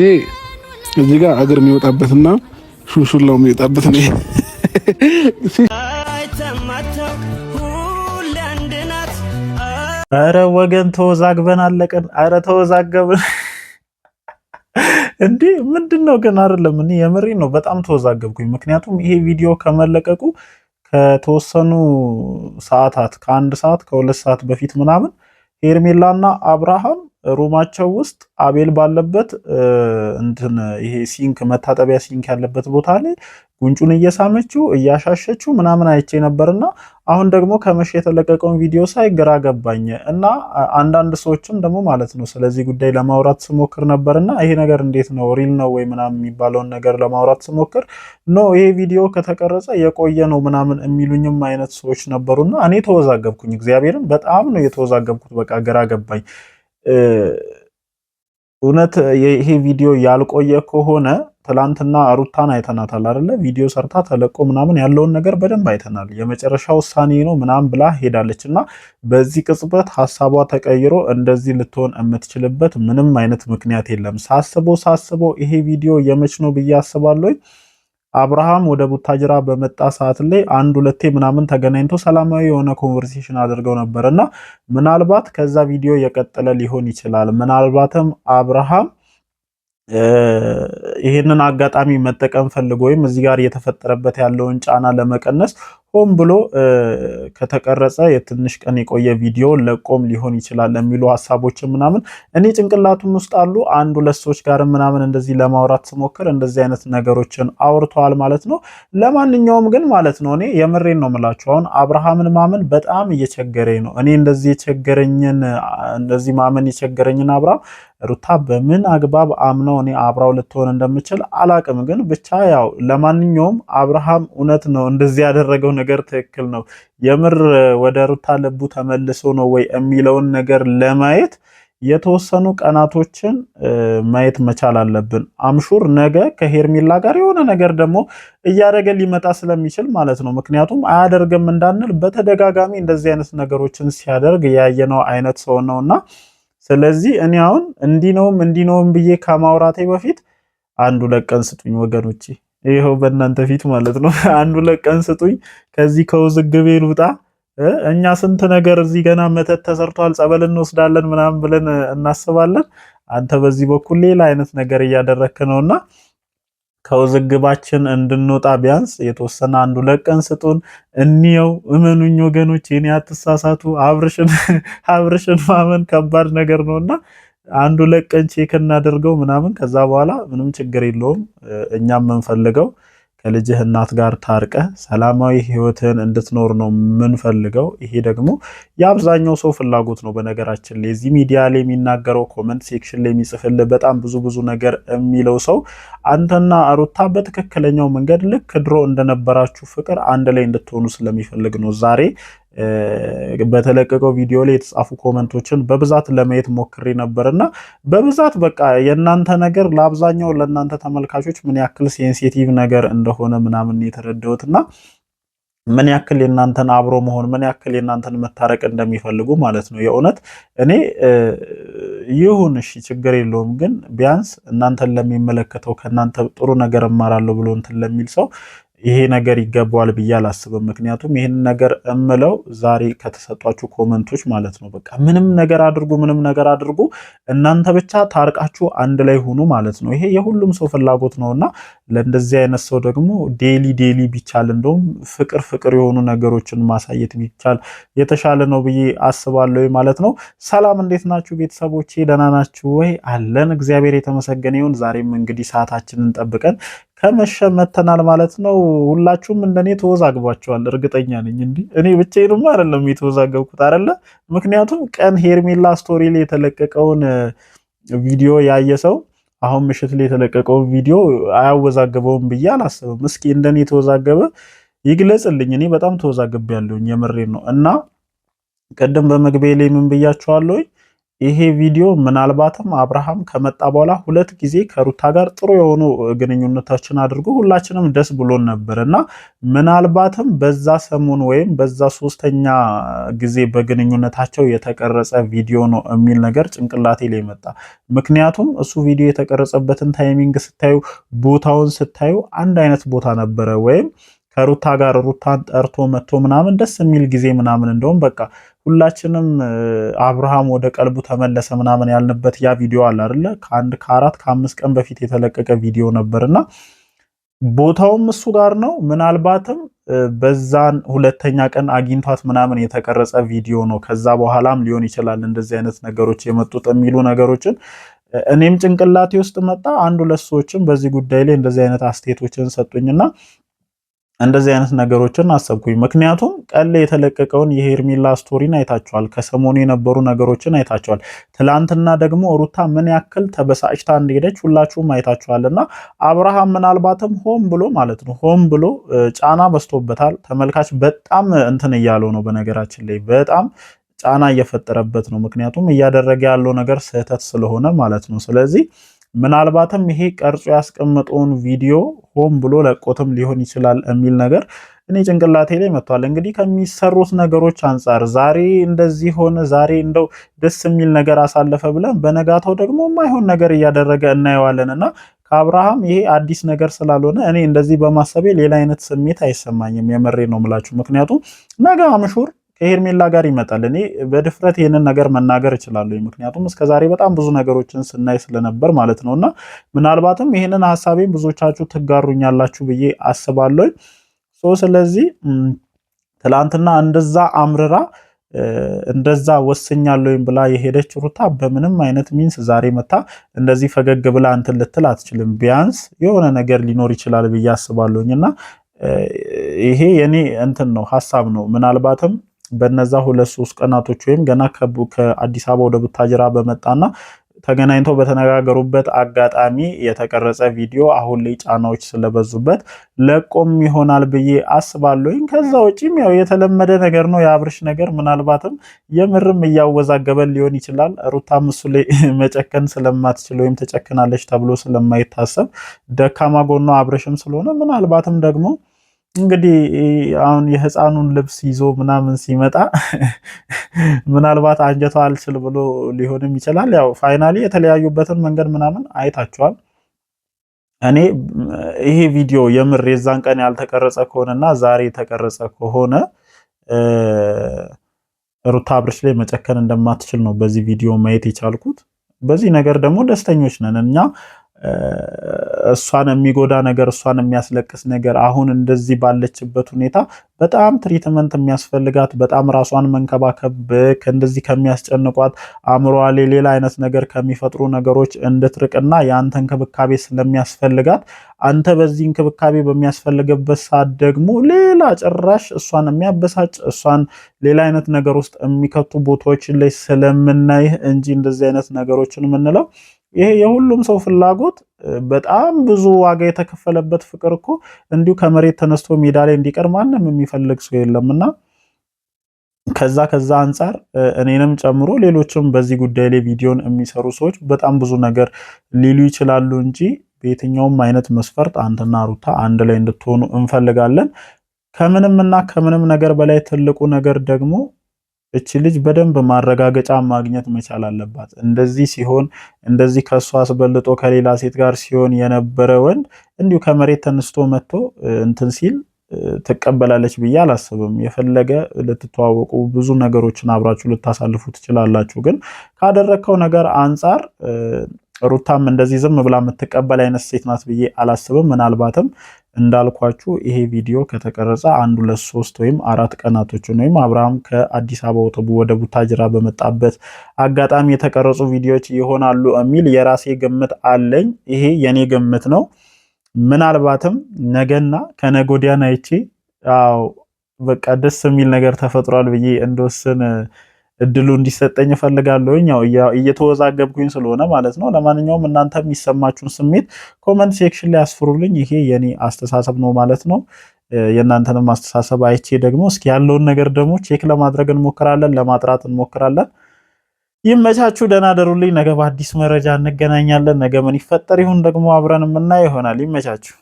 ይሄ እዚህ ጋር እግር የሚወጣበትና ሹልሹላው የሚወጣበት ነው። አረ ወገን ተወዛግበን አለቀን። አረ ተወዛገብን እንዴ! ምንድን ነው ግን? አይደለም እኔ የምሬ ነው። በጣም ተወዛገብኩኝ። ምክንያቱም ይሄ ቪዲዮ ከመለቀቁ ከተወሰኑ ሰዓታት ከአንድ ሰዓት ከሁለት ሰዓት በፊት ምናምን ሄርሜላና አብርሃም ሩማቸው ውስጥ አቤል ባለበት እንትን ይሄ ሲንክ መታጠቢያ ሲንክ ያለበት ቦታ ላይ ጉንጩን እየሳመችው እያሻሸችው ምናምን አይቼ ነበርና አሁን ደግሞ ከመሸ የተለቀቀውን ቪዲዮ ሳይ ግራ ገባኝ እና አንዳንድ ሰዎችም ደግሞ ማለት ነው ስለዚህ ጉዳይ ለማውራት ስሞክር ነበርና ይሄ ነገር እንዴት ነው ሪል ነው ወይ ምናምን የሚባለውን ነገር ለማውራት ስሞክር ኖ ይሄ ቪዲዮ ከተቀረጸ የቆየ ነው ምናምን የሚሉኝም አይነት ሰዎች ነበሩና እኔ ተወዛገብኩኝ። እግዚአብሔርም በጣም ነው የተወዛገብኩት። በቃ ግራ ገባኝ። እውነት ይሄ ቪዲዮ ያልቆየ ከሆነ ትላንትና ሩታን አይተናታል አይደለ? ቪዲዮ ሰርታ ተለቆ ምናምን ያለውን ነገር በደንብ አይተናል። የመጨረሻ ውሳኔ ነው ምናምን ብላ ሄዳለች እና በዚህ ቅጽበት ሀሳቧ ተቀይሮ እንደዚህ ልትሆን የምትችልበት ምንም አይነት ምክንያት የለም። ሳስበው ሳስበው ይሄ ቪዲዮ የመች ነው ብዬ አስባለሁኝ። አብርሃም ወደ ቡታጅራ በመጣ ሰዓት ላይ አንድ ሁለቴ ምናምን ተገናኝቶ ሰላማዊ የሆነ ኮንቨርሴሽን አድርገው ነበር እና ምናልባት ከዛ ቪዲዮ የቀጠለ ሊሆን ይችላል። ምናልባትም አብርሃም ይህንን አጋጣሚ መጠቀም ፈልጎ ወይም እዚህ ጋር እየተፈጠረበት ያለውን ጫና ለመቀነስ ሆን ብሎ ከተቀረጸ የትንሽ ቀን የቆየ ቪዲዮ ለቆም ሊሆን ይችላል የሚሉ ሀሳቦችን ምናምን እኔ ጭንቅላቱም ውስጥ አሉ። አንድ ሁለት ሰዎች ጋር ምናምን እንደዚህ ለማውራት ስሞክር እንደዚህ አይነት ነገሮችን አውርተዋል ማለት ነው። ለማንኛውም ግን ማለት ነው እኔ የምሬን ነው የምላቸው አሁን አብርሃምን ማመን በጣም እየቸገረኝ ነው። እኔ እንደዚህ የቸገረኝን እንደዚህ ማመን የቸገረኝን አብርሃም ሩታ በምን አግባብ አምነው እኔ አብራው ልትሆን እንደምችል አላቅም። ግን ብቻ ያው ለማንኛውም አብርሃም እውነት ነው እንደዚህ ያደረገው ነገር ትክክል ነው፣ የምር ወደ ሩታ ልቡ ተመልሶ ነው ወይ የሚለውን ነገር ለማየት የተወሰኑ ቀናቶችን ማየት መቻል አለብን። አምሹር ነገ ከሄርሜላ ጋር የሆነ ነገር ደግሞ እያደረገ ሊመጣ ስለሚችል ማለት ነው። ምክንያቱም አያደርግም እንዳንል በተደጋጋሚ እንደዚህ አይነት ነገሮችን ሲያደርግ ያየነው አይነት ሰው ነውና ስለዚህ እኔ አሁን እንዲህ ነውም ነውም ብዬ ከማውራቴ በፊት አንድ ሁለት ቀን ስጡኝ ወገኖቼ፣ ይኸው በእናንተ ፊት ማለት ነው። አንድ ሁለት ቀን ስጡኝ፣ ከዚህ ከውዝግቤ ልውጣ። እኛ ስንት ነገር እዚህ ገና መተት ተሰርቷል፣ ጸበል እንወስዳለን ምናምን ብለን እናስባለን። አንተ በዚህ በኩል ሌላ አይነት ነገር እያደረክ ነውና ከውዝግባችን እንድንወጣ ቢያንስ የተወሰነ አንዱ ለቀን ስጡን፣ እንየው። እመኑኝ ወገኖች፣ የኔ አትሳሳቱ። አብርሽን አብርሽን ማመን ከባድ ነገር ነውና አንድ ሁለት ቀን ቼክ እናደርገው ምናምን፣ ከዛ በኋላ ምንም ችግር የለውም። እኛም የምንፈልገው ከልጅህ እናት ጋር ታርቀህ ሰላማዊ ህይወትህን እንድትኖር ነው የምንፈልገው። ይሄ ደግሞ የአብዛኛው ሰው ፍላጎት ነው። በነገራችን ላይ እዚህ ሚዲያ ላይ የሚናገረው ኮመንት ሴክሽን ላይ የሚጽፍልህ በጣም ብዙ ብዙ ነገር የሚለው ሰው አንተና ሩታ በትክክለኛው መንገድ ልክ ድሮ እንደነበራችሁ ፍቅር አንድ ላይ እንድትሆኑ ስለሚፈልግ ነው ዛሬ በተለቀቀው ቪዲዮ ላይ የተጻፉ ኮመንቶችን በብዛት ለማየት ሞክሬ ነበር እና በብዛት በቃ የእናንተ ነገር ለአብዛኛው ለእናንተ ተመልካቾች ምን ያክል ሴንሲቲቭ ነገር እንደሆነ ምናምን የተረዳሁት እና ምን ያክል የእናንተን አብሮ መሆን ምን ያክል የእናንተን መታረቅ እንደሚፈልጉ ማለት ነው። የእውነት እኔ ይሁን እሺ፣ ችግር የለውም ግን ቢያንስ እናንተን ለሚመለከተው ከእናንተ ጥሩ ነገር እማራለሁ ብሎ እንትን ለሚል ሰው ይሄ ነገር ይገባዋል ብዬ አላስብም። ምክንያቱም ይህን ነገር እምለው ዛሬ ከተሰጧችሁ ኮመንቶች ማለት ነው። በቃ ምንም ነገር አድርጉ፣ ምንም ነገር አድርጉ፣ እናንተ ብቻ ታርቃችሁ አንድ ላይ ሁኑ ማለት ነው። ይሄ የሁሉም ሰው ፍላጎት እና። ለእንደዚህ አይነት ሰው ደግሞ ዴሊ ዴሊ ቢቻል እንደውም ፍቅር ፍቅር የሆኑ ነገሮችን ማሳየት ቢቻል የተሻለ ነው ብዬ አስባለሁ ማለት ነው። ሰላም እንዴት ናችሁ ቤተሰቦቼ? ደህና ናችሁ ወይ? አለን እግዚአብሔር የተመሰገነ ይሁን። ዛሬም እንግዲህ ሰዓታችንን ጠብቀን ከመሸ መተናል ማለት ነው። ሁላችሁም እንደኔ ተወዛግባችኋል እርግጠኛ ነኝ። እንዲህ እኔ ብቻዬንማ አይደለም የተወዛገብኩት አይደለ? ምክንያቱም ቀን ሄርሜላ ስቶሪ ላይ የተለቀቀውን ቪዲዮ ያየ ሰው አሁን ምሽት ላይ የተለቀቀው ቪዲዮ አያወዛገበውም ብዬ አላስብም። እስኪ እንደኔ የተወዛገበ ይግለጽልኝ። እኔ በጣም ተወዛግቤ ያለውኝ የምሬን ነው። እና ቅድም በመግቢያ ላይ ምን ብያችኋለሁኝ ይሄ ቪዲዮ ምናልባትም አብርሃም ከመጣ በኋላ ሁለት ጊዜ ከሩታ ጋር ጥሩ የሆኑ ግንኙነቶችን አድርጎ ሁላችንም ደስ ብሎን ነበር እና ምናልባትም በዛ ሰሞን ወይም በዛ ሶስተኛ ጊዜ በግንኙነታቸው የተቀረጸ ቪዲዮ ነው የሚል ነገር ጭንቅላቴ ላይ መጣ። ምክንያቱም እሱ ቪዲዮ የተቀረጸበትን ታይሚንግ ስታዩ፣ ቦታውን ስታዩ አንድ አይነት ቦታ ነበረ ወይም ከሩታ ጋር ሩታን ጠርቶ መጥቶ ምናምን ደስ የሚል ጊዜ ምናምን እንደውም በቃ ሁላችንም አብርሃም ወደ ቀልቡ ተመለሰ ምናምን ያልንበት ያ ቪዲዮ አለ አይደለ? ከአንድ ከአራት ከአምስት ቀን በፊት የተለቀቀ ቪዲዮ እና ቦታውም እሱ ጋር ነው። ምናልባትም በዛን ሁለተኛ ቀን አግኝቷት ምናምን የተቀረጸ ቪዲዮ ነው። ከዛ በኋላም ሊሆን ይችላል እንደዚህ አይነት ነገሮች የመጡት የሚሉ ነገሮችን እኔም ጭንቅላቴ ውስጥ መጣ። አንድ ሁለት ሰዎችም በዚህ ጉዳይ ላይ እንደዚህ አይነት አስተያየቶችን ሰጡኝና እንደዚህ አይነት ነገሮችን አሰብኩኝ። ምክንያቱም ቀለ የተለቀቀውን የሄርሜላ ስቶሪን አይታችኋል። ከሰሞኑ የነበሩ ነገሮችን አይታችኋል። ትላንትና ደግሞ ሩታ ምን ያክል ተበሳጭታ እንደሄደች ሁላችሁም አይታችኋል። እና አብርሃም ምናልባትም ሆን ብሎ ማለት ነው ሆን ብሎ ጫና በዝቶበታል። ተመልካች በጣም እንትን እያለው ነው። በነገራችን ላይ በጣም ጫና እየፈጠረበት ነው። ምክንያቱም እያደረገ ያለው ነገር ስህተት ስለሆነ ማለት ነው። ስለዚህ ምናልባትም ይሄ ቀርጾ ያስቀመጠውን ቪዲዮ ሆን ብሎ ለቆትም ሊሆን ይችላል የሚል ነገር እኔ ጭንቅላቴ ላይ መጥቷል። እንግዲህ ከሚሰሩት ነገሮች አንጻር ዛሬ እንደዚህ ሆነ፣ ዛሬ እንደው ደስ የሚል ነገር አሳለፈ ብለን በነጋታው ደግሞ የማይሆን ነገር እያደረገ እናየዋለን እና ከአብርሃም ይሄ አዲስ ነገር ስላልሆነ እኔ እንደዚህ በማሰቤ ሌላ አይነት ስሜት አይሰማኝም። የመሬ ነው ምላችሁ። ምክንያቱም ነገ አምሹር ከሄርሜላ ጋር ይመጣል። እኔ በድፍረት ይህንን ነገር መናገር እችላለሁ፣ ምክንያቱም እስከዛሬ በጣም ብዙ ነገሮችን ስናይ ስለነበር ማለት ነው። እና ምናልባትም ይህንን ሀሳቤን ብዙዎቻችሁ ትጋሩኛላችሁ ብዬ አስባለሁ። ሶ ስለዚህ ትላንትና እንደዛ አምርራ እንደዛ ወስኛለሁኝ ብላ የሄደች ሩታ በምንም አይነት ሚንስ ዛሬ መታ እንደዚህ ፈገግ ብላ እንትን ልትል አትችልም። ቢያንስ የሆነ ነገር ሊኖር ይችላል ብዬ አስባለሁኝ እና ይሄ የኔ እንትን ነው ሀሳብ ነው ምናልባትም በነዛ ሁለት ሶስት ቀናቶች ወይም ገና ከአዲስ አበባ ወደ ቡታጅራ በመጣና ተገናኝተው በተነጋገሩበት አጋጣሚ የተቀረጸ ቪዲዮ አሁን ላይ ጫናዎች ስለበዙበት ለቆም ይሆናል ብዬ አስባለሁኝ። ከዛ ውጪም ያው የተለመደ ነገር ነው የአብርሽ ነገር፣ ምናልባትም የምርም እያወዛገበን ሊሆን ይችላል። ሩታም እሱ ላይ መጨከን ስለማትችል ወይም ተጨክናለች ተብሎ ስለማይታሰብ ደካማ ጎኗ አብርሽም ስለሆነ ምናልባትም ደግሞ እንግዲህ አሁን የህፃኑን ልብስ ይዞ ምናምን ሲመጣ ምናልባት አንጀቷ አልችል ብሎ ሊሆንም ይችላል። ያው ፋይናሊ የተለያዩበትን መንገድ ምናምን አይታችኋል። እኔ ይሄ ቪዲዮ የምር የዛን ቀን ያልተቀረጸ ከሆነና ዛሬ የተቀረጸ ከሆነ ሩታ አብርሽ ላይ መጨከን እንደማትችል ነው በዚህ ቪዲዮ ማየት የቻልኩት። በዚህ ነገር ደግሞ ደስተኞች ነን እኛ እሷን የሚጎዳ ነገር እሷን የሚያስለቅስ ነገር አሁን እንደዚህ ባለችበት ሁኔታ በጣም ትሪትመንት የሚያስፈልጋት በጣም ራሷን መንከባከብ ከእንደዚህ ከሚያስጨንቋት አእምሯ ሌላ አይነት ነገር ከሚፈጥሩ ነገሮች እንድትርቅና የአንተ እንክብካቤ ስለሚያስፈልጋት አንተ በዚህ እንክብካቤ በሚያስፈልግበት ሰዓት ደግሞ ሌላ ጭራሽ እሷን የሚያበሳጭ እሷን ሌላ አይነት ነገር ውስጥ የሚከቱ ቦታዎችን ላይ ስለምናይህ እንጂ እንደዚህ አይነት ነገሮችን የምንለው ይሄ የሁሉም ሰው ፍላጎት በጣም ብዙ ዋጋ የተከፈለበት ፍቅር እኮ እንዲሁ ከመሬት ተነስቶ ሜዳ ላይ እንዲቀር ማንም የሚፈልግ ሰው የለም እና ከዛ ከዛ አንጻር እኔንም ጨምሮ ሌሎችም በዚህ ጉዳይ ላይ ቪዲዮን የሚሰሩ ሰዎች በጣም ብዙ ነገር ሊሉ ይችላሉ እንጂ በየትኛውም አይነት መስፈርት አንተና ሩታ አንድ ላይ እንድትሆኑ እንፈልጋለን። ከምንም እና ከምንም ነገር በላይ ትልቁ ነገር ደግሞ እቺ ልጅ በደንብ ማረጋገጫ ማግኘት መቻል አለባት። እንደዚህ ሲሆን እንደዚህ ከእሷ አስበልጦ ከሌላ ሴት ጋር ሲሆን የነበረ ወንድ እንዲሁ ከመሬት ተነስቶ መጥቶ እንትን ሲል ትቀበላለች ብዬ አላስብም። የፈለገ ልትተዋወቁ ብዙ ነገሮችን አብራችሁ ልታሳልፉ ትችላላችሁ። ግን ካደረግከው ነገር አንጻር ሩታም እንደዚህ ዝም ብላ የምትቀበል አይነት ሴት ናት ብዬ አላስብም። ምናልባትም እንዳልኳችሁ ይሄ ቪዲዮ ከተቀረጸ አንድ ሁለት ሶስት ወይም አራት ቀናቶችን ወይም አብርሃም ከአዲስ አበባ ወጥቡ ወደ ቡታጅራ በመጣበት አጋጣሚ የተቀረጹ ቪዲዮዎች ይሆናሉ የሚል የራሴ ግምት አለኝ። ይሄ የኔ ግምት ነው። ምናልባትም ነገና ከነገ ወዲያ በቃ ደስ የሚል ነገር ተፈጥሯል ብዬ እንደወስን እድሉ እንዲሰጠኝ እፈልጋለሁኝ። ያው እየተወዛገብኩኝ ስለሆነ ማለት ነው። ለማንኛውም እናንተ የሚሰማችሁን ስሜት ኮመንት ሴክሽን ላይ አስፍሩልኝ። ይሄ የኔ አስተሳሰብ ነው ማለት ነው። የእናንተንም አስተሳሰብ አይቼ ደግሞ እስኪ ያለውን ነገር ደግሞ ቼክ ለማድረግ እንሞክራለን፣ ለማጥራት እንሞክራለን። ይመቻችሁ፣ ደህና ደሩልኝ። ነገ በአዲስ መረጃ እንገናኛለን። ነገ ምን ይፈጠር ይሁን ደግሞ አብረን የምናየው ይሆናል። ይመቻችሁ።